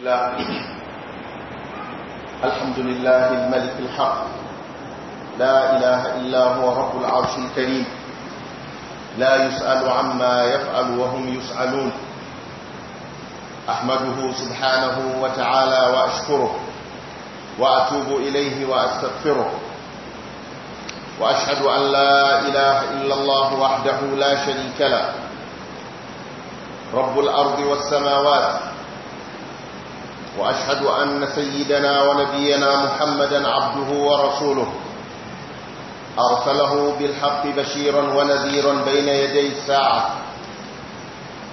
الله الحمد لله الملك الحق لا إله إلا هو رب العرش الكريم لا يسأل عما يفعل وهم يسألون أحمده سبحانه وتعالى وأشكره وأتوب إليه وأستغفره وأشهد أن لا إله إلا الله وحده لا شريك له رب الأرض والسماوات وأشهد أن سيدنا ونبينا محمدا عبده ورسوله أرسله بالحق بشيرا ونذيرا بين يدي الساعة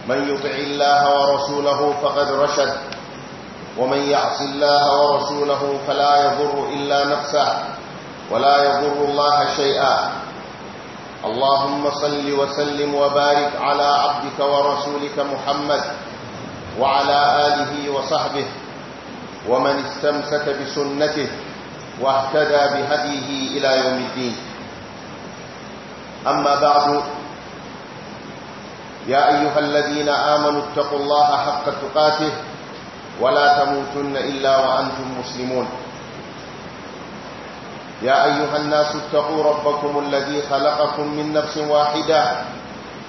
من يطع الله ورسوله فقد رشد ومن يعص الله ورسوله فلا يضر إلا نفسه ولا يضر الله شيئا اللهم صل وسلم وبارك على عبدك ورسولك محمد وعلى آله وصحبه ومن استمسك بسنته واهتدى بهديه إلى يوم الدين أما بعد يا أيها الذين آمنوا اتقوا الله حق تقاته ولا تموتن إلا وأنتم مسلمون يا أيها الناس اتقوا ربكم الذي خلقكم من نفس واحدة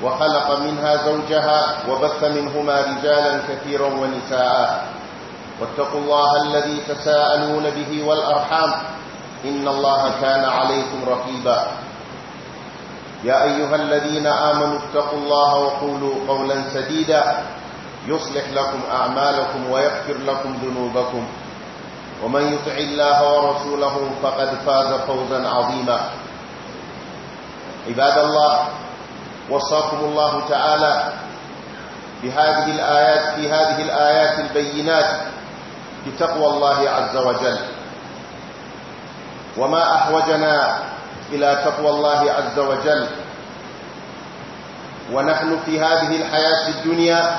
وخلق منها زوجها وبث منهما رجالا كثيرا ونساء واتقوا الله الذي تساءلون به والأرحام إن الله كان عليكم رقيبا يا أيها الذين آمنوا اتقوا الله وقولوا قولا سديدا يصلح لكم أعمالكم ويغفر لكم ذنوبكم ومن يطع الله ورسوله فقد فاز فوزا عظيما عباد الله وصاكم الله تعالى بهذه الآيات في هذه الآيات البينات بتقوى الله عز وجل وما أحوجنا إلى تقوى الله عز وجل ونحن في هذه الحياة الدنيا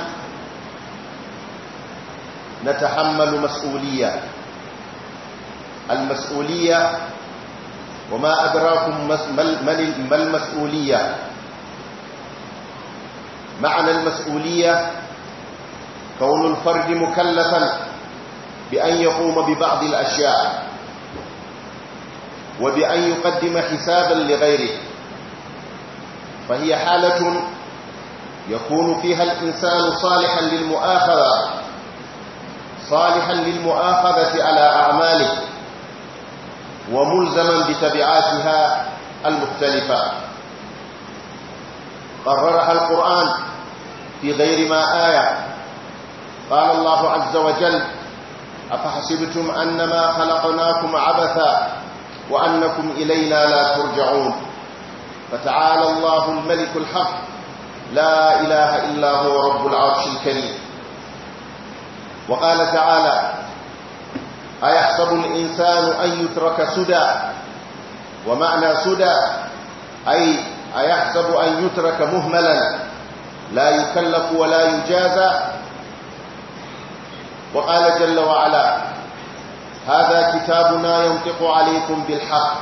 نتحمل مسؤولية المسؤولية وما أدراكم ما المسؤولية معنى المسؤولية كون الفرد مكلفا بأن يقوم ببعض الأشياء وبأن يقدم حسابا لغيره فهي حالة يكون فيها الإنسان صالحا للمؤاخذة صالحا للمؤاخذة على أعماله وملزما بتبعاتها المختلفة قررها القرآن في غير ما آية قال الله عز وجل أفحسبتم أنما خلقناكم عبثا وأنكم إلينا لا ترجعون فتعالى الله الملك الحق لا إله إلا هو رب العرش الكريم وقال تعالى أيحسب الإنسان أن يترك سدى ومعنى سدى أي أيحسب أن يترك مهملا لا يكلف ولا يجازى وقال جل وعلا هذا كتابنا ينطق عليكم بالحق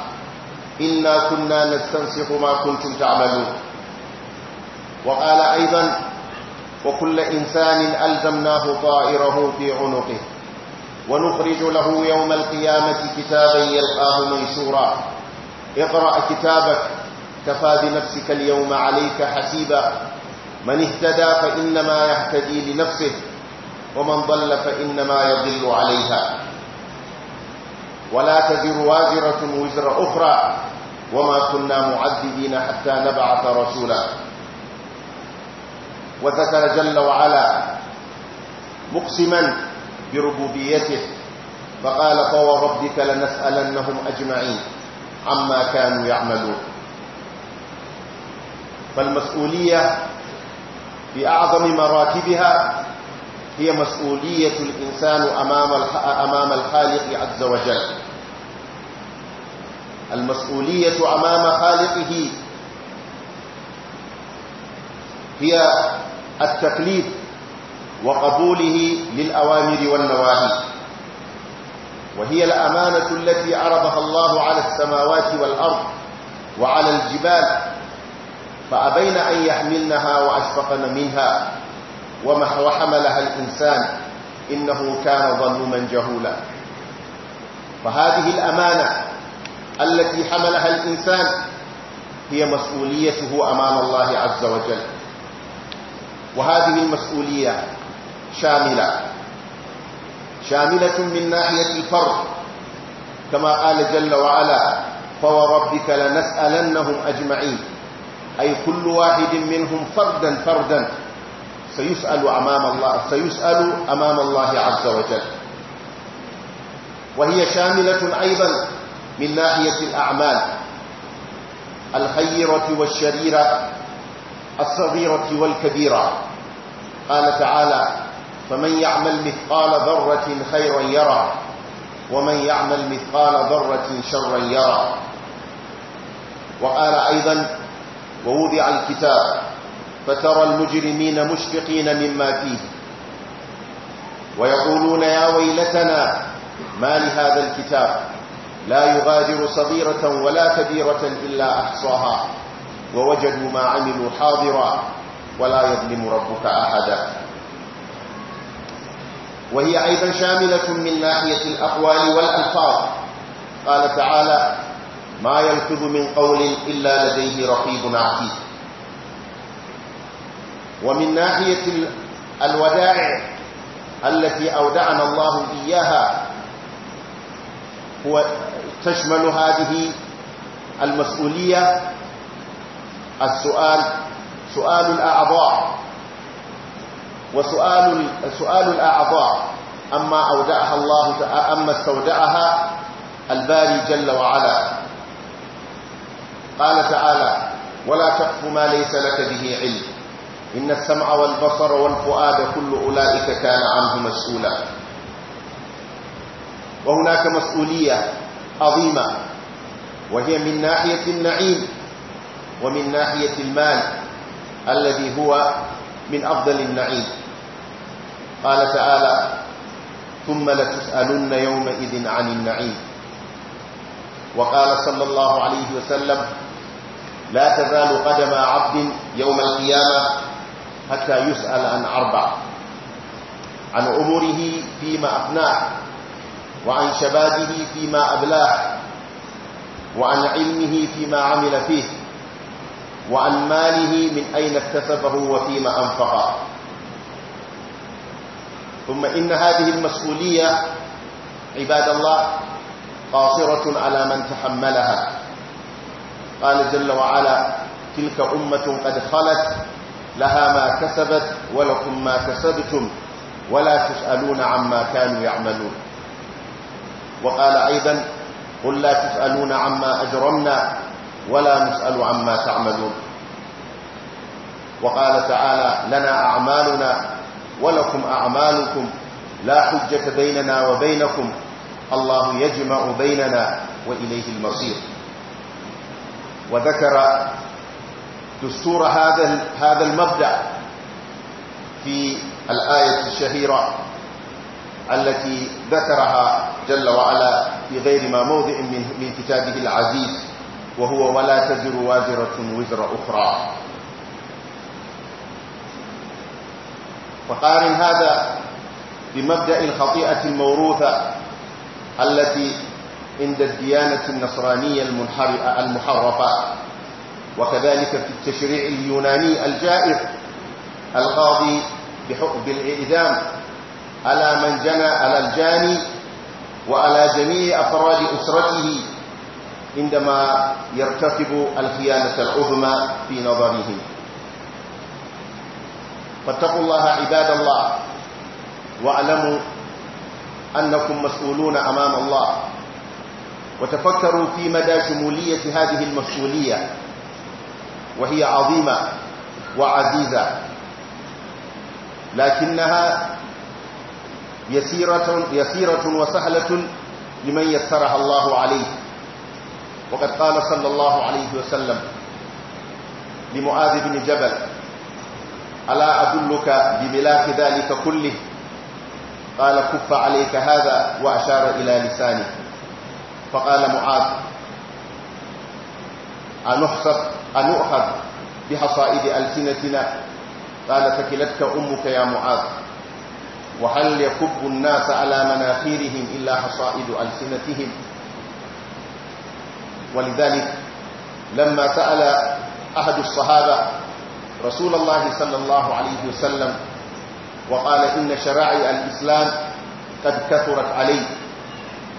إنا كنا نستنسخ ما كنتم تعملون وقال أيضا وكل إنسان ألزمناه طائره في عنقه ونخرج له يوم القيامة كتابا يلقاه منشورا اقرأ كتابك كفى بنفسك اليوم عليك حسيبا من اهتدى فإنما يهتدي لنفسه ومن ضل فإنما يضل عليها ولا تزر وازرة وزر أخرى وما كنا معذبين حتى نبعث رسولا وذكر جل وعلا مقسما بربوبيته فقال فوربك لنسألنهم أجمعين عما كانوا يعملون فالمسؤولية في أعظم مراتبها هي مسؤولية الإنسان أمام الخالق عز وجل المسؤولية أمام خالقه هي التكليف وقبوله للأوامر والنواهي وهي الأمانة التي عرضها الله على السماوات والأرض وعلى الجبال فأبين أن يحملنها وأشفقن منها وحملها الإنسان إنه كان ظلما جهولا فهذه الأمانة التي حملها الإنسان هي مسؤوليته أمام الله عز وجل وهذه المسؤولية شاملة شاملة من ناحية الفرد كما قال جل وعلا فوربك لنسألنهم أجمعين أي كل واحد منهم فردا فردا فيسأل أمام الله فيسأل أمام الله عز وجل وهي شاملة أيضا من ناحية الأعمال الخيرة والشريرة الصغيرة والكبيرة قال تعالى فمن يعمل مثقال ذرة خيرا يرى ومن يعمل مثقال ذرة شرا يرى وقال أيضا ووضع الكتاب فترى المجرمين مشفقين مما فيه ويقولون يا ويلتنا ما لهذا الكتاب لا يغادر صغيرة ولا كبيرة إلا أحصاها ووجدوا ما عملوا حاضرا ولا يظلم ربك أحدا وهي أيضا شاملة من ناحية الأقوال والألفاظ قال تعالى ما يلفظ من قول إلا لديه رقيب عتيد ومن ناحية الودائع التي أودعنا الله إياها هو تشمل هذه المسؤولية السؤال سؤال الأعضاء وسؤال سؤال الأعضاء أما أودعها الله أما استودعها الباري جل وعلا قال تعالى ولا تقف ما ليس لك به علم إن السمع والبصر والفؤاد كل أولئك كان عنه مسؤولا وهناك مسؤولية عظيمة وهي من ناحية النعيم ومن ناحية المال الذي هو من أفضل النعيم قال تعالى ثم لتسألن يومئذ عن النعيم وقال صلى الله عليه وسلم لا تزال قدم عبد يوم القيامة حتى يسأل عن أربع عن عمره فيما أفناه وعن شبابه فيما أبلاه وعن علمه فيما عمل فيه وعن ماله من أين اكتسبه وفيما أنفقه ثم إن هذه المسؤولية عباد الله قاصرة على من تحملها قال جل وعلا تلك أمة قد خلت لها ما كسبت ولكم ما كسبتم ولا تسألون عما كانوا يعملون وقال أيضا قل لا تسألون عما أجرمنا ولا نسأل عما تعملون وقال تعالى لنا أعمالنا ولكم أعمالكم لا حجة بيننا وبينكم الله يجمع بيننا وإليه المصير وذكر دستور هذا هذا المبدأ في الآية الشهيرة التي ذكرها جل وعلا في غير ما موضع من, من كتابه العزيز وهو ولا تزر وازرة وزر أخرى فقارن هذا بمبدأ الخطيئة الموروثة التي عند الديانة النصرانية المحرفة وكذلك في التشريع اليوناني الجائر القاضي الإعدام على من جنى على الجاني وعلى جميع أفراد أسرته عندما يرتكب الخيانة العظمى في نظرهم فاتقوا الله عباد الله واعلموا أنكم مسؤولون أمام الله وتفكروا في مدى شمولية هذه المسؤولية وهي عظيمة وعزيزة لكنها يسيرة, يسيرة وسهلة لمن يسرها الله عليه وقد قال صلى الله عليه وسلم لمعاذ بن جبل ألا أدلك بملاك ذلك كله قال كف عليك هذا وأشار إلى لسانه فقال معاذ أنحصر أن أخذ بحصائد ألسنتنا قال فكلتك أمك يا معاذ وهل يكب الناس على مناخيرهم إلا حصائد ألسنتهم ولذلك لما سأل أحد الصحابة رسول الله صلى الله عليه وسلم وقال إن شرائع الإسلام قد كثرت علي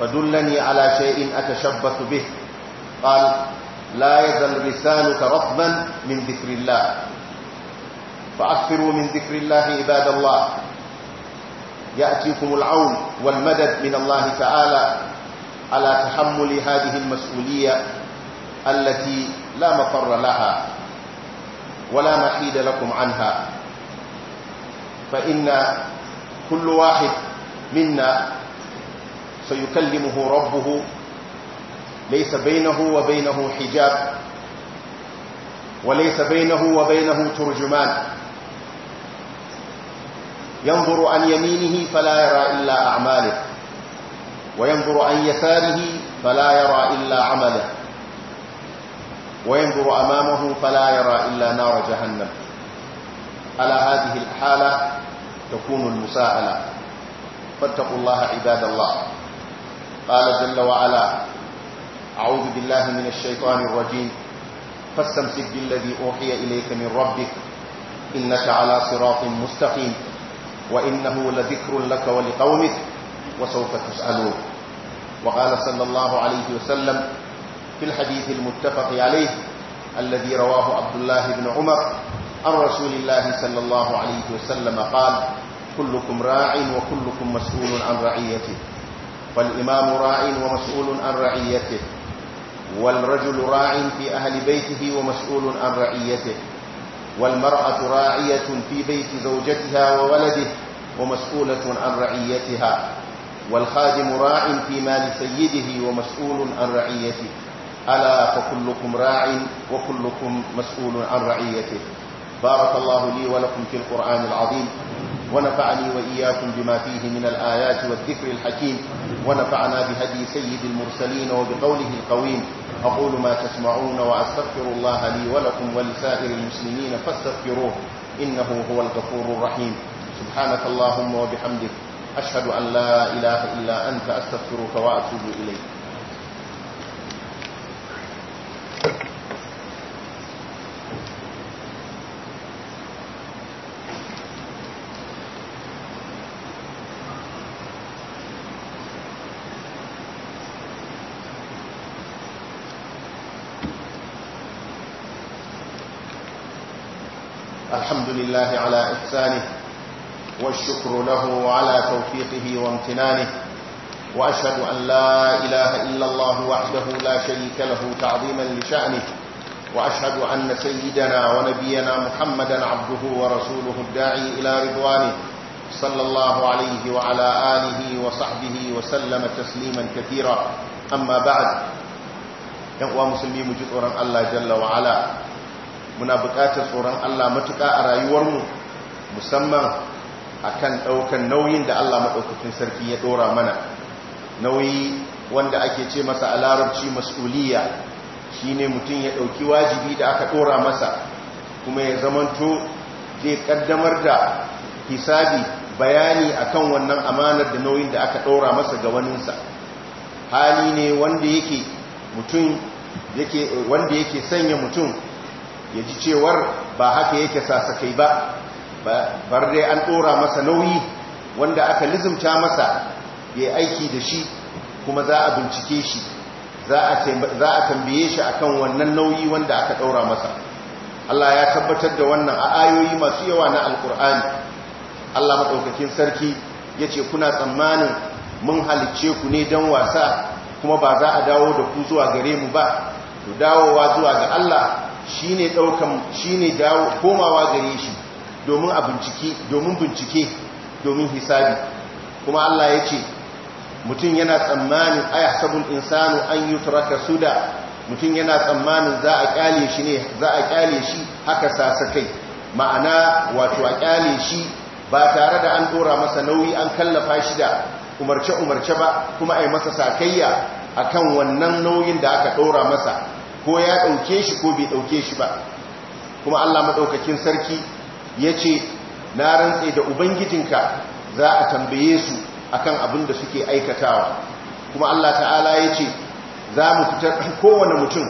فدلني على شيء أتشبث به قال لا يزل لسانك رطبا من ذكر الله فأكثروا من ذكر الله عباد الله يأتيكم العون والمدد من الله تعالى على تحمل هذه المسؤولية التي لا مفر لها ولا محيد لكم عنها فإن كل واحد منا سيكلمه ربه ليس بينه وبينه حجاب وليس بينه وبينه ترجمان ينظر عن يمينه فلا يرى إلا أعماله وينظر عن يساره فلا يرى إلا عمله وينظر أمامه فلا يرى إلا نار جهنم على هذه الحالة تكون المساءلة فاتقوا الله عباد الله قال جل وعلا أعوذ بالله من الشيطان الرجيم فاستمسك بالذي أوحي إليك من ربك إنك على صراط مستقيم وإنه لذكر لك ولقومك وسوف تسألون وقال صلى الله عليه وسلم في الحديث المتفق عليه الذي رواه عبد الله بن عمر عن رسول الله صلى الله عليه وسلم قال كلكم راع وكلكم مسؤول عن رعيته فالإمام راع ومسؤول عن رعيته والرجل راع في أهل بيته ومسؤول عن رعيته والمرأة راعية في بيت زوجتها وولده ومسؤولة عن رعيتها والخادم راع في مال سيده ومسؤول عن رعيته ألا فكلكم راع وكلكم مسؤول عن رعيته بارك الله لي ولكم في القرآن العظيم ونفعني وإياكم بما فيه من الآيات والذكر الحكيم ونفعنا بهدي سيد المرسلين وبقوله القويم أقول ما تسمعون وأستغفر الله لي ولكم ولسائر المسلمين فاستغفروه إنه هو الغفور الرحيم سبحانك اللهم وبحمدك أشهد أن لا إله إلا أنت أستغفرك وأتوب إليك لله على إحسانه والشكر له على توفيقه وامتنانه وأشهد أن لا إله إلا الله وحده لا شريك له تعظيما لشأنه وأشهد أن سيدنا ونبينا محمدا عبده ورسوله الداعي إلى رضوانه صلى الله عليه وعلى آله وصحبه وسلم تسليما كثيرا أما بعد يقوى مسلمي جثورا الله جل وعلا muna buƙatar tsoron Allah matuƙa a rayuwarmu musamman akan ɗaukan nauyin da Allah maɗaukakin sarki ya ɗora mana nauyi wanda ake ce masa a larabci mas'uliya shine mutum ya ɗauki wajibi da aka ɗora masa kuma ya zamanto zai ƙaddamar da hisabi bayani akan wannan amanar da nauyin da aka ɗora masa ga waninsa hali ne wanda yake mutum wanda yake sanya mutum ya ji cewar ba haka yake sasakai ba bar dai an ɗora masa nauyi wanda aka lizimta masa ya aiki da shi kuma za a bincike shi za a tambaye shi akan wannan nauyi wanda aka ɗora masa Allah ya tabbatar da wannan a ayoyi masu yawa na alkur'ani Allah maɗaukakin sarki ya ce kuna tsammanin mun halicce ku ne don wasa kuma ba za a dawo da ku zuwa gare mu ba to dawowa zuwa ga Allah shine daukan shine dawo komawa gare shi domin a bincike domin bincike domin hisabi kuma Allah ya ce mutum yana tsammanin ayahsabul insanu an yutraka suda mutum yana tsammanin za a kyale shi ne za a kyale shi haka sasakai ma'ana wato a kyale shi ba tare da an dora masa nauyi an kallafa shi da umarce-umarce ba kuma a yi masa sakayya akan wannan nauyin da aka dora masa ko ya ɗauke shi ko bai ɗauke shi ba kuma Allah maɗaukakin sarki ya ce na rantse da ubangijinka za a tambaye su akan abin da suke aikatawa kuma Allah ta'ala ya ce za mu fitar kowane mutum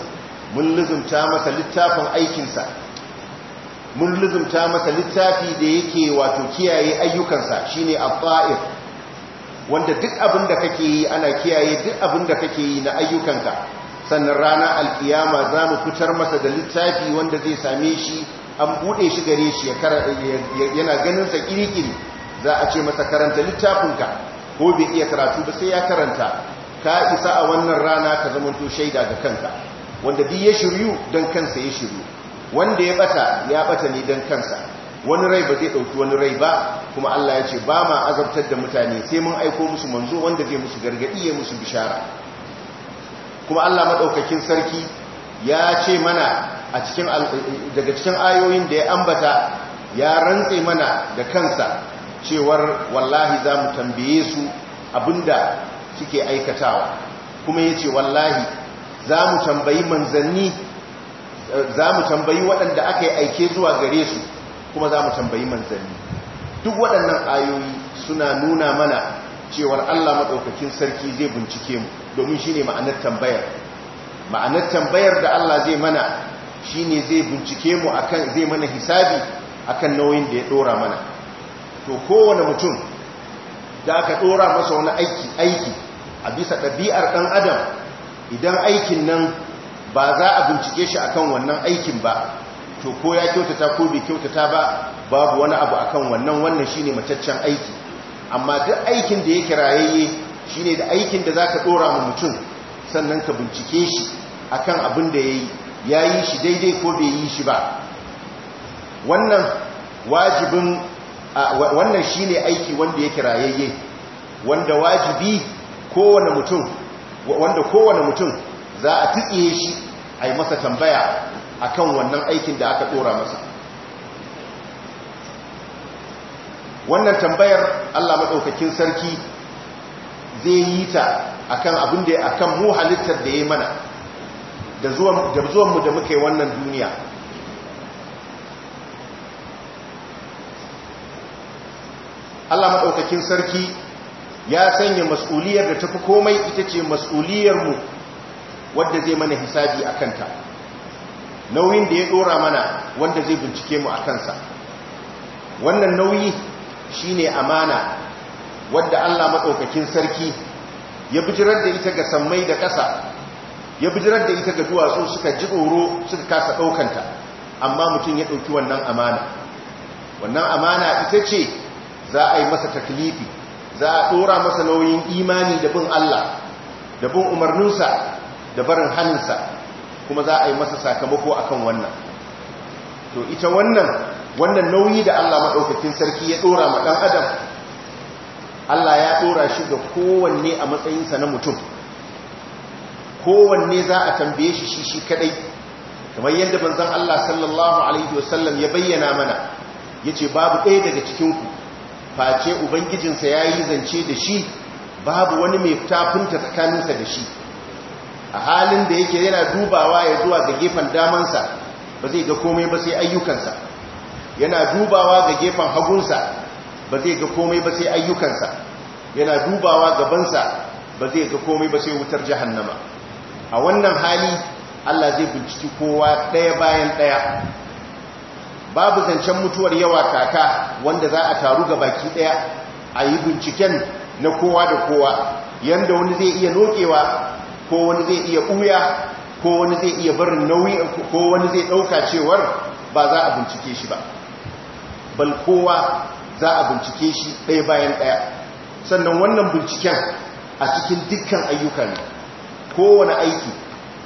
mun lizumta masa littafin aikinsa mun lizumta masa littafi da yake wato kiyaye ayyukansa shine ne wanda duk abin da kake yi ana kiyaye duk abin da kake yi na ayyukanka sannan rana alkiyama za mu fitar masa da littafi wanda zai same shi an buɗe shi gare shi yana ganinsa ƙirƙiri za a ce masa karanta littafin ka. ko bai iya karatu ba sai ya karanta ka isa a wannan rana ka zamanto shaida ga kanka wanda biyu ya shiryu don kansa ya shiryu wanda ya bata ya bata ne don kansa wani rai ba zai ɗauki wani rai ba kuma Allah ya ce ba ma azabtar da mutane sai mun aiko musu manzo wanda zai musu gargaɗi ya musu bishara kuma Allah maɗaukakin sarki ya ce mana a cikin daga cikin ayoyin da ya ambata ya rantse mana da kansa cewar wallahi za mu tambaye su abinda suke aikatawa kuma ya ce wallahi za mu tambayi manzanni za mu tambayi waɗanda aka yi aike zuwa gare su kuma za mu tambayi manzanni duk waɗannan ayoyi suna nuna mana cewar Allah maɗaukakin sarki zai bincike mu domin shine ma'anar tambayar ma'anar tambayar da Allah zai mana shine zai bincike mu akan zai mana hisabi akan nauyin da ya ɗora mana to kowane mutum da aka ɗora masa wani aiki aiki a bisa ɗabi'ar ɗan adam idan aikin nan ba za a bincike shi akan wannan aikin ba to ko ya kyautata ko bai kyautata ba babu wani abu akan wannan wannan shine mataccen aiki amma duk aikin da yake shi shine da aikin da zaka ɗora ma mutum sannan ka bincike shi akan abin da ya yi, ya yi shi daidai ko bai yi shi ba wannan wajibin wannan shine aiki wanda kira rayayye wanda wajibi kowane mutum wanda kowane mutum za a tsiye shi a yi masa tambaya akan wannan aikin da aka ɗora masa wannan tambayar Allah maɗaukakin sarki zai yi ta akan abin da mu halittar da ya mana da zuwan da muka yi wannan duniya Allah maɗaukakin sarki ya sanya mas'uliyar da tafi komai ita ce mas'uliyarmu wadda zai mana hisabi a kanta nauyin da ya ɗora mana wanda zai bincike mu a kansa wannan nauyi Shi ne amana wadda Allah maɗaukakin sarki ya bijirar da ita ga sammai da ƙasa ya bijirar da ita ga duwatsu suka ji tsoro suka kasa ɗaukanta amma mutum ya ɗauki wannan amana wannan amana ita ce za a yi masa taklifi za a ɗora masa nauyin imani da bin Allah da bin umarninsa da barin haninsa, kuma za a yi masa sakamako akan wannan to ita wannan wannan nauyi da Allah maɗaukakin sarki ya ɗora ma ɗan adam Allah ya ɗora shi ga kowanne a matsayinsa na mutum kowanne za a tambaye shi shi shi kaɗai kamar yadda banzan Allah sallallahu Alaihi wasallam ya bayyana mana ya ce babu ɗaya daga cikinku face ubangijinsa ya yi zance da shi babu wani mai tafinta tsakaninsa da shi a halin da yake yana dubawa ya zuwa ga gefen damansa ba zai ga komai ba sai ayyukansa yana dubawa ga gefen hagunsa ba zai ga komai ba sai ayyukansa yana dubawa gabansa ba zai ga komai ba sai wutar jahannama a wannan hali Allah zai binciki kowa ɗaya bayan ɗaya babu zancen mutuwar yawa kaka wanda za a taru ga baki ɗaya a yi binciken na kowa da kowa Yadda wani zai iya nokewa ko wani zai iya ɓuya ko wani zai iya barin nauyi ko wani zai ɗauka cewar ba za a bincike shi ba bal kowa za a bincike shi ɗaya bayan ɗaya sannan wannan binciken a cikin dukkan ayyuka ne kowane aiki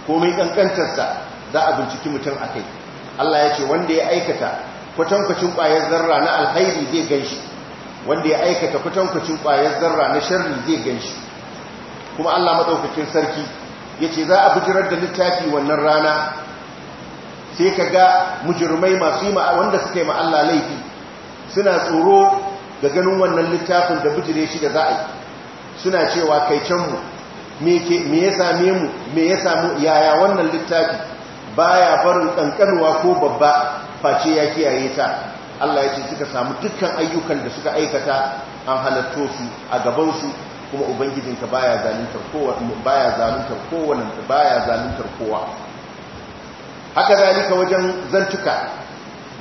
komai ƙanƙantarsa za a binciki mutum a kai Allah ya ce wanda ya aikata kwatankwacin ƙwayar zarra na alhairi zai gan shi wanda ya aikata kwatankwacin ƙwayar zarra na sharri zai gan shi kuma Allah maɗaukakin sarki ya ce za a bijirar da littafi wannan rana sai ka ga mujirmai masu yi wanda suka yi ma Allah laifi suna tsoro da ganin wannan littafin da bijire shi da za a yi suna cewa kai canmu me ya same mu me ya samu yaya wannan littafi ya barin kankanwa ko babba face ya kiyaye ta Allah ya ce suka samu dukkan ayyukan da suka aikata an halatto su a gabansu kuma ubangijinka baya zaluntar kowa ya zaluntar kowa ya zaluntar kowa haka zalika wajen zantuka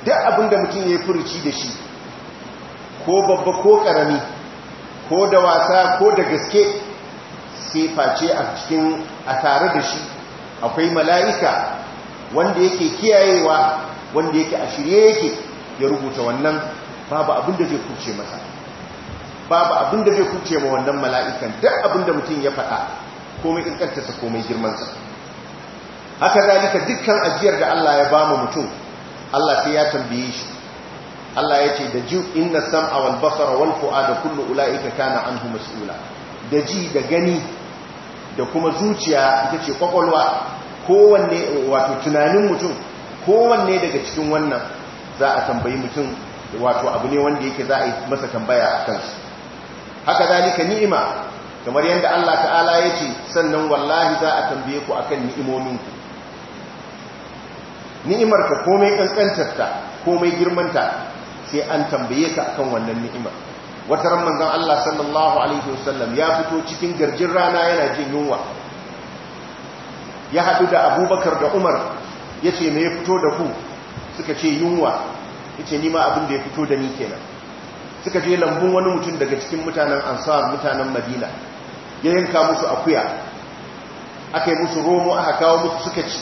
duk abin da mutum ya yi furuci da shi ko babba ko karami ko da wasa ko da gaske sai face a cikin a tare da shi akwai mala'ika wanda yake kiyayewa wanda yake a shirye yake ya rubuta wannan babu abin da zai kuce masa babu abin da zai kuce ma wannan mala'ikan duk abin da mutum ya faɗa komai ƙanƙantarsa komai girmansa haka zalika dukkan ajiyar da Allah ya ba mu mutum Allah sai ya tambaye shi Allah ya ce da ji inna sam'a wal basara wal fu'ada kullu ula'ika kana anhu mas'ula da ji da gani da kuma zuciya ita ce kwakwalwa kowanne wato tunanin mutum kowanne daga cikin wannan za a tambayi mutum wato abu ne wanda yake za a yi masa tambaya a kansu haka zalika ni'ima kamar yadda Allah ta'ala ya ce sannan wallahi za a tambaye ku akan ni'imominku ni'imar ka komai kankantarta komai girmanta sai an tambaye ka akan wannan ni'ima wata ran manzon Allah sallallahu alaihi wasallam ya fito cikin garjin rana yana jin yunwa ya haɗu da abubakar da umar ya ce ya fito da ku suka ce yunwa ya ce nima abin da ya fito da ni kenan suka je lambun wani mutum daga cikin mutanen ansar mutanen madina ya yanka musu akuya aka yi musu romo aka kawo musu suka ci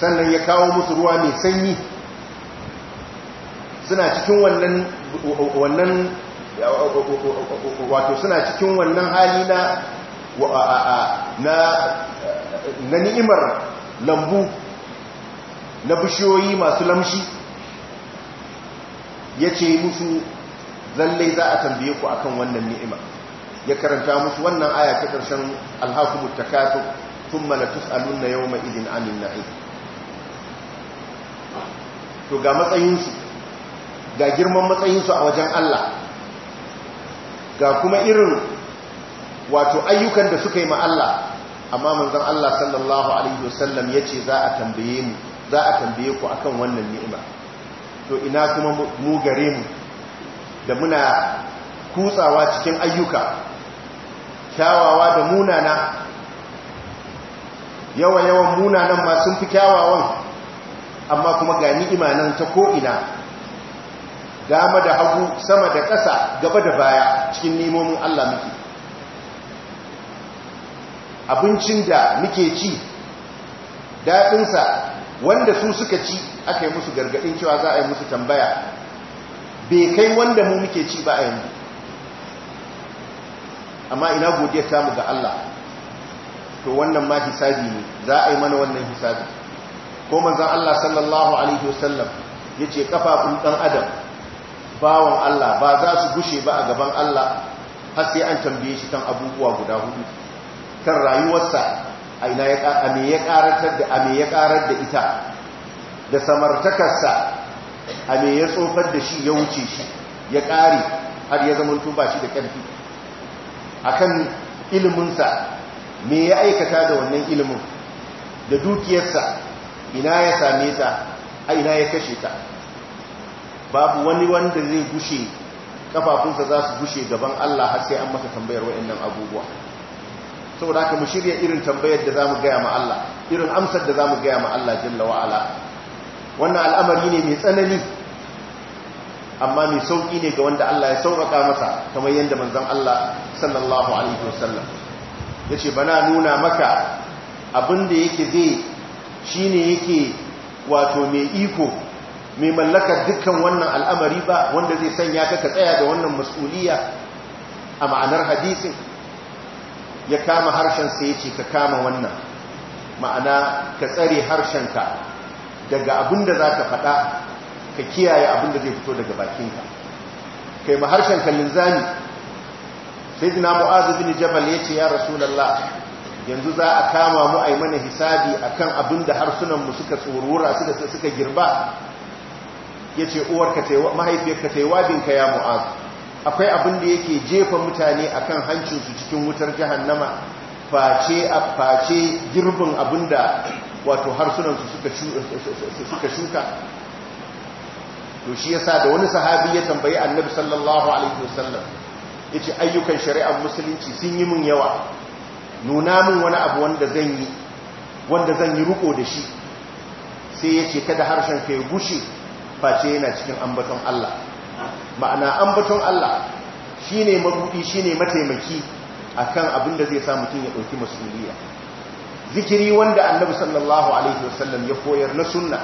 sannan ya kawo musu ruwa mai sanyi suna cikin wannan wannan wato suna cikin wannan hali na na ni'imar lambu na bishiyoyi masu lamshi ya ce musu zalle za a tambaye ku akan wannan ni'ima ya karanta musu wannan aya ta ƙarshen alhakumut takatu thumma la tus'aluna yawma idin amin na'im to ga matsayinsu ga girman matsayinsu a wajen Allah ga kuma irin wato ayyukan da suka yi ma Allah amma manzon Allah sallallahu alaihi wasallam yace za a tambaye mu za a tambaye ku akan wannan ni'ima to ina kuma mu gare mu da muna kutsawa cikin ayyuka kyawawa da munana yawan yawan munanan ma sun fi kyawawan amma kuma ga ni'ima nan ta ko ina dama da hagu sama da ƙasa gaba da baya cikin nemomin Allah muke abincin da muke ci daɗinsa wanda su suka ci aka yi musu gargaɗin cewa za a yi musu tambaya bai kai wanda mu muke ci ba a yanzu amma ina godiya mu ga Allah to wannan ma hisabi ne za a yi mana wannan hisabi ko manzan Allah sallallahu alaihi wasallam ya ce ƙafafun ɗan adam bawan Allah ba za su gushe ba a gaban Allah har sai an tambaye shi kan abubuwa guda hudu kan rayuwarsa a me ya karatar da a ya karar da ita da samartakarsa a me ya tsofar da shi ya wuce shi ya kare har ya zama tuba shi da karfi akan iliminsa me ya aikata da wannan ilimin da dukiyarsa ina ya same ta a ina ya kashe ta babu wani wanda zai gushe kafafunsa za su gushe gaban Allah har sai an masa tambayar wa'annan abubuwa saboda haka mu shirya irin tambayar da zamu gaya ma Allah irin amsar da zamu gaya ma Allah jalla wa wannan al'amari ne mai tsanani amma mai sauƙi ne ga wanda Allah ya sauƙaƙa masa kamar yadda manzon Allah sallallahu alaihi wasallam yace bana nuna maka abinda yake zai shine yake wato mai iko mai mallaka dukkan wannan al'amari ba wanda zai sanya ka tsaya da wannan mas'uliya a ma'anar hadisin ya kama harshen sai ya ce ka kama wannan ma'ana ka tsare harshenka daga abin da za ka faɗa ka kiyaye abin da zai fito daga bakinka kai ma harshen linzami sai zina mu'azu bin jabal ya ce ya rasu rasulallah yanzu za a kama mu a yi mana hisabi akan abin da harsunanmu suka tsorora suka girba ya ce uwarka ta yi mahaifiyarka ta yi ya mu'az akwai abin da yake jefa mutane a kan hancinsu cikin wutar jahannama face a face girbin abin da wato harsunansu suka shuka to shi yasa da wani sahabi ya tambayi annabi sallallahu alaihi wasallam yace ayyukan shari'ar musulunci sun yi mun yawa nuna min wani abu wanda zan yi wanda zan yi ruko da shi sai yace kada harshen ka ya gushe face yana cikin ambaton Allah ma'ana ambaton Allah shine mabudi shine mataimaki akan abin da zai sa mutum ya ɗauki masuliya zikiri wanda annabi sallallahu alaihi wasallam ya koyar na sunna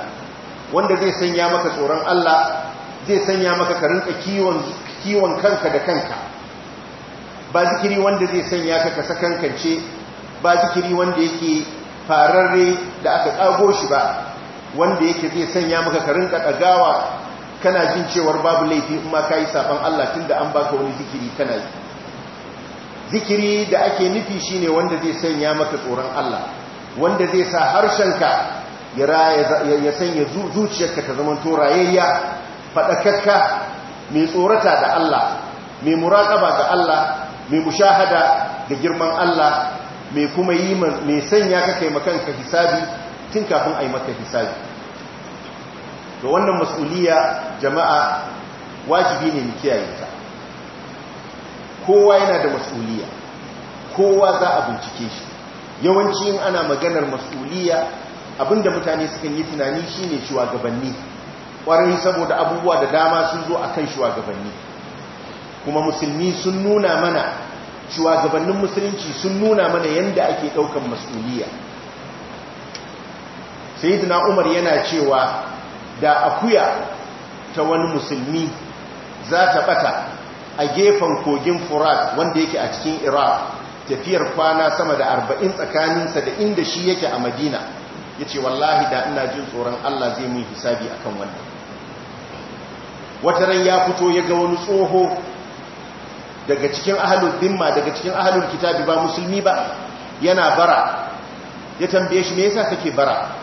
wanda zai sanya maka tsoron Allah zai sanya maka ka rinka kiwon kanka da kanka ba zikiri wanda zai sanya ka ka kankance, ba zikiri wanda yake fararre da aka kago shi ba wanda yake zai sanya maka ka rinka ɗagawa kana jin cewar babu laifi in ma ka yi saɓan Allah tun da an baka wani zikiri kana yi zikiri da ake nufi shine wanda zai sanya maka tsoron Allah wanda zai sa harshen ka ya sanya zuciyarka ta zama torayayya faɗakakka mai tsorata da Allah mai muraƙaba ga Allah mai mushahada da girman Allah mai kuma yi mai sanya ka kai makanka hisabi tun kafin a yi maka hisabi da wannan masuliya jama'a wajibi ne mu kiyaye ta kowa yana da masuliya kowa za a bincike shi yawanci in ana maganar masuliya abinda mutane sukan yi tunani shine shugabanni kwarai saboda abubuwa da dama sun zo a kan shugabanni kuma musulmi sun nuna mana shugabannin musulunci sun nuna mana yanda ake ɗaukar masuliya sayyidina umar yana cewa da akuya ta wani musulmi za ta bata a gefen kogin furat wanda yake a cikin iraq tafiyar kwana sama da arba'in tsakaninsa da inda shi yake a madina ya ce wallahi da ina jin tsoron allah zai mun hisabi akan wannan wata ran ya fito ya ga wani tsoho daga cikin ahalul dimma daga cikin ahalul kitabi ba musulmi ba yana bara ya tambaye shi me yasa kake bara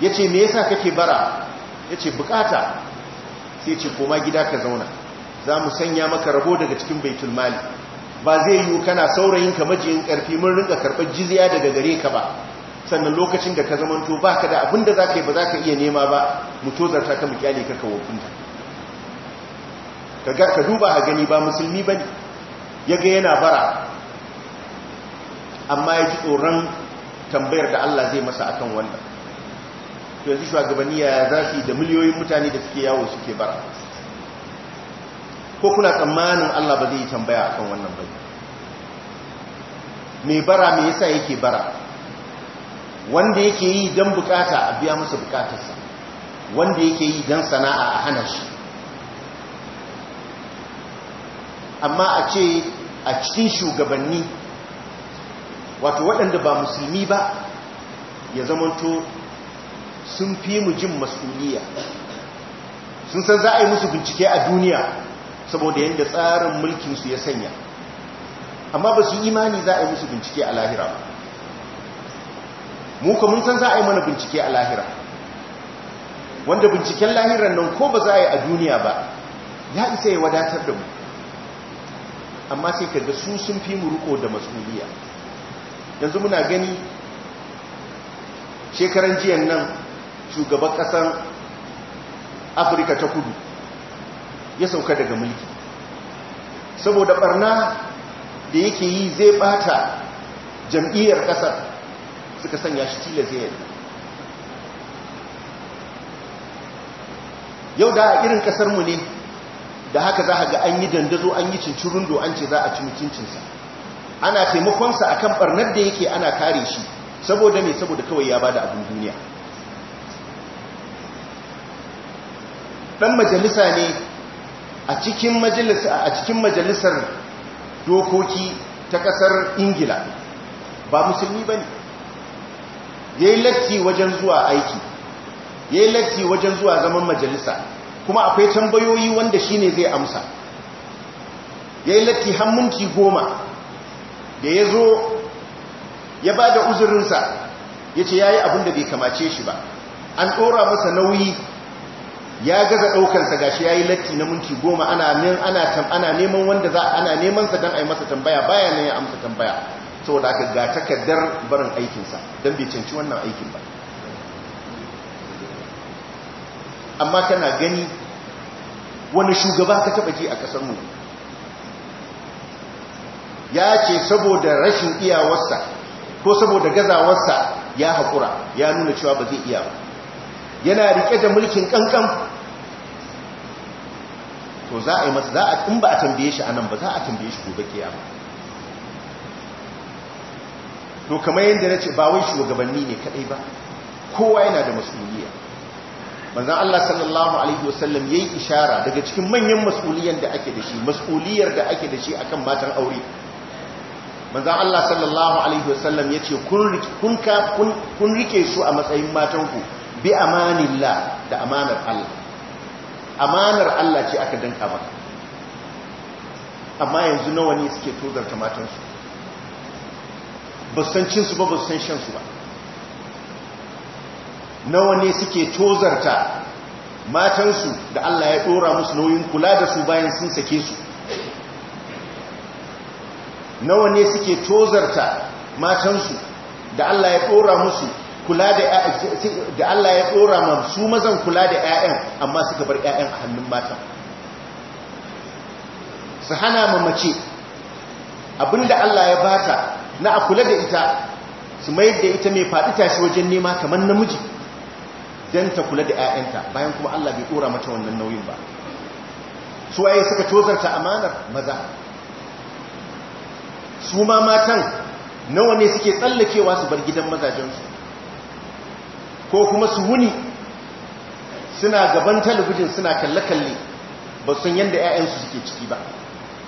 ya ce me yasa kake bara ya ce bukata sai ce koma gida ka zauna za mu sanya maka rabo daga cikin baitul mali ba zai yiwu kana saurayin ka majiyin karfi mun rinka karɓar jizya daga gare ka ba sannan lokacin da ka zamanto ba ka da abin da za yi ba za ka iya nema ba mu tozarta ka mu kyale ka kawo ka duba a gani ba musulmi ba ne ya ga yana bara amma ya ji tsoron tambayar da Allah zai masa akan wannan to yanzu shugabanni ya za su da miliyoyin mutane da suke yawo suke bara ko kuna tsammanin Allah ba zai tambaya akan wannan bai mai bara me yasa yake bara wanda yake yi don bukata a biya masa bukatarsa wanda yake yi don sana'a a hana shi amma a ce a cikin shugabanni wato waɗanda ba musulmi ba ya zamanto sun fi mu jin masuliya sun san za a yi musu bincike a duniya saboda yadda tsarin su ya sanya amma ba su imani za a yi musu bincike a lahira ba mu mun san za a yi mana bincike a lahira wanda binciken lahiran nan ko ba za a yi a duniya ba ya isa ya wadatar da mu amma sai da su sun fi mu riko da masuliya yanzu muna gani shekaran jiyan nan shugaban ƙasar afirka ta kudu ya sauka daga mulki saboda barna da yake yi zai bata jam'iyyar ƙasar suka sanya shi tila zai yadda yau da a irin ƙasarmu ne da haka za a ga an yi dandazo an yi cincirundo an ce za a ci mutuncinsa ana taimakonsa akan barnar da yake ana kare shi saboda mai saboda kawai ya bada abin duniya dan majalisa ne a cikin majalisa a cikin majalisar dokoki ta kasar ingila ba musulmi bane yayi latti wajen zuwa aiki yayi latti wajen zuwa zaman majalisa kuma akwai tambayoyi wanda shine zai amsa yayi latti hammunki goma da yazo ya bada uzurinsa ya ce ya yi abin da bai kamace shi ba an ɗora masa nauyi ya gaza daukansa gashi yayi latti na minti goma ana min ana tam ana neman wanda za ana neman sa dan ai masa tambaya baya nan ya amsa tambaya saboda aka ga takaddar barin aikin sa dan bai canci wannan aikin ba amma kana gani wani shugaba ka taba ji a kasar mu ya ce saboda rashin iyawarsa ko saboda gazawarsa ya hakura ya nuna cewa ba zai iya ba yana rike da mulkin kankan to za a yi masa za a in ba a tambaye shi anan ba za a tambaye shi gobe kiyama to kamar yadda na ce ba wai shugabanni ne kadai ba kowa yana da masuliya manzan Allah sallallahu alaihi wasallam yayi ishara daga cikin manyan masuliyan da ake da shi masuliyar da ake da shi akan matan aure manzan Allah sallallahu alaihi wasallam yace kun kun kun rike su a matsayin matanku bi amanillah da amanar Allah amanar Allah ce aka danka ba, amma yanzu nawa ne suke tozarta matansu ba san cinsu ba ba san shansu ba nawa ne suke tozarta matansu da Allah ya ɗora musu nauyin kula da su bayan sun sake su nawa ne suke tozarta matansu da Allah ya ɗora musu kula da da Allah ya dora ma su mazan kula da 'ya'yan amma suka bar 'ya'yan a hannun mata su hana ma mace abinda Allah ya bata na a da ita su mai da ita mai faɗi tashi wajen nema kamar namiji don ta kula da 'ya'yanta bayan kuma Allah bai tsora mata wannan nauyin ba su waye suka tozarta amanar maza su ma matan nawa ne suke tsallakewa su bar gidan mazajensu ko kuma su wuni suna gaban talabijin suna kalle-kalle ba sun yadda 'ya'yansu suke ciki ba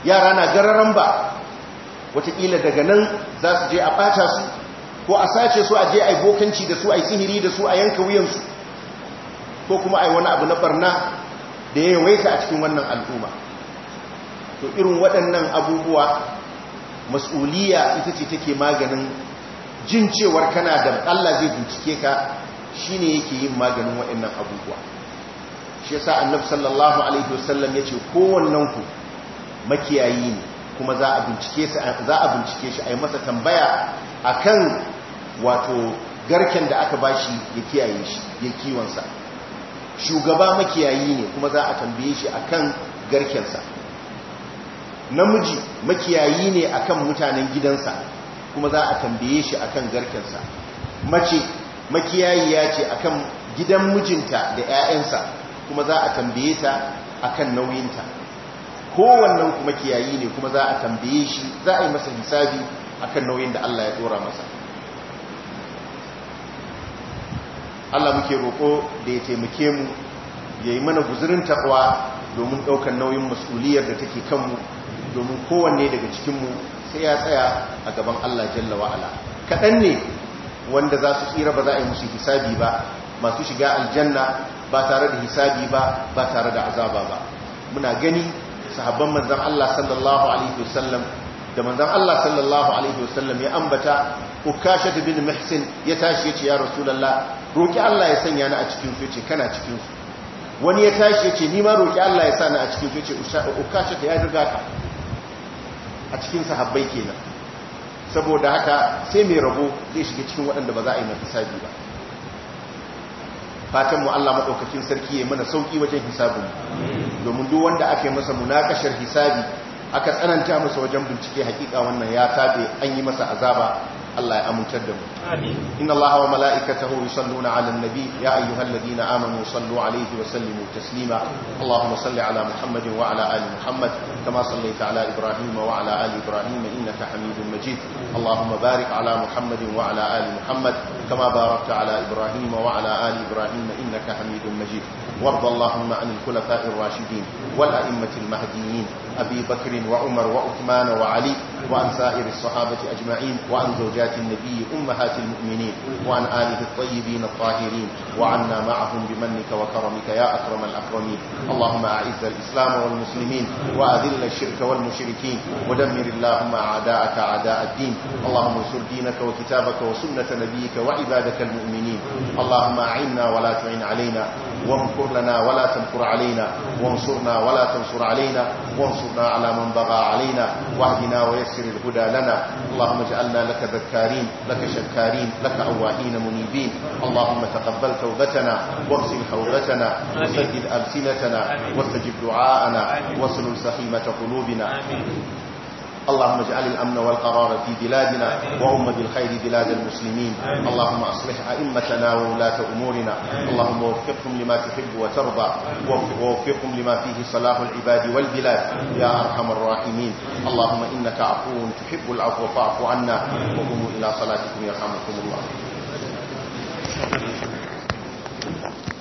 yara na gararan ba watakila daga nan za su je a ɓata su ko a sace su a je a yi bokanci da su a yi sihiri da su a yanka wuyansu ko kuma a yi wani abu na barna da ya yawaita a cikin wannan al'umma to irin waɗannan abubuwa mas'uliya ita ce take maganin jin cewar kana da Allah zai bincike ka Shi ne yake yin maganin waɗannan abubuwa shi yasa annabi sallallahu alaihi wasallam yace kowannen ku makiyayi ne kuma za a bincike shi za a bincike shi yi masa tambaya akan wato garken da aka bashi ya kiyaye shi ya kiwon sa shugaba makiyayi ne kuma za a tambaye shi akan garken sa namiji makiyayi ne akan mutanen gidansa kuma za a tambaye shi akan garkensa mace Makiyayi ya ce akan gidan mijinta da 'ya'yansa kuma za a tambaye ta akan nauyinta kowannan kuma kiyayi ne kuma za a tambaye shi za a yi masa hisabi akan nauyin da Allah ya tsora masa Allah muke roƙo da ya taimake mu ya yi mana guzurin taɓwa domin ɗaukar nauyin masuliyar da take kanmu domin kowanne daga cikinmu sai ya tsaya a gaban Allah jalla wa'ala kaɗan ne wanda za su tsira ba za a yi musu hisabi ba masu shiga aljanna ba tare da hisabi ba ba tare da azaba ba muna gani sahabban manzan Allah sallallahu alaihi wasallam da manzan Allah sallallahu alaihi wasallam ya ambata ukashat bin muhsin ya tashi ya ce ya rasulullah roki Allah ya sanya ni a cikin fece kana cikin su wani ya tashi ya ce ni ma roki Allah ya sa ni a cikin su ce ta ya riga ka a cikin sahabbai kenan saboda haka sai mai rabo zai shiga cikin waɗanda ba za a yi hisabi ba fatan mu Allah maɗaukacin sarki ya mana sauki wajen hisabin domin duk wanda aka yi masa munakashar hisabi aka tsananta masa wajen bincike hakika wannan ya tafe an yi masa azaba الله يأمتد إن الله وملائكته يصلون على النبي يا أيها الذين آمنوا صلوا عليه وسلموا تسليما اللهم صل على محمد وعلى آل محمد كما صليت على إبراهيم وعلى آل إبراهيم إنك حميد مجيد اللهم بارك على محمد وعلى آل محمد كما باركت على إبراهيم وعلى آل إبراهيم إنك حميد مجيد وارض اللهم عن الخلفاء الراشدين والأئمة المهديين أبي بكر وعمر وعثمان وعلي وعن سائر الصحابة أجمعين وعن زوجات النبي أمهات المؤمنين وعن آله الطيبين الطاهرين وعنا معهم بمنك وكرمك يا أكرم الأكرمين اللهم أعز الإسلام والمسلمين وأذل الشرك والمشركين ودمر اللهم أعداءك أعداء الدين اللهم انصر دينك وكتابك وسنة نبيك وعبادك المؤمنين اللهم أعنا ولا تعن علينا وانصر لنا ولا تنصر علينا وانصرنا ولا تنصر علينا وانصرنا على من بغى علينا واهدنا ويسر الهدى لنا اللهم اجعلنا لك ذكارين لك شكارين لك أواهين منيبين اللهم تقبل توبتنا واغسل حوبتنا وسدد ألسنتنا واستجب دعاءنا واسلل سخيمة قلوبنا اللهم اجعل الأمن والقرار في بلادنا وأمة الخير بلاد المسلمين اللهم أصلح أئمتنا وولاة أمورنا اللهم وفقهم لما تحب وترضى ووفقهم لما فيه صلاح العباد والبلاد يا أرحم الراحمين اللهم إنك عفو تحب العفو فاعف عنا وقوموا إلى صلاتكم يرحمكم الله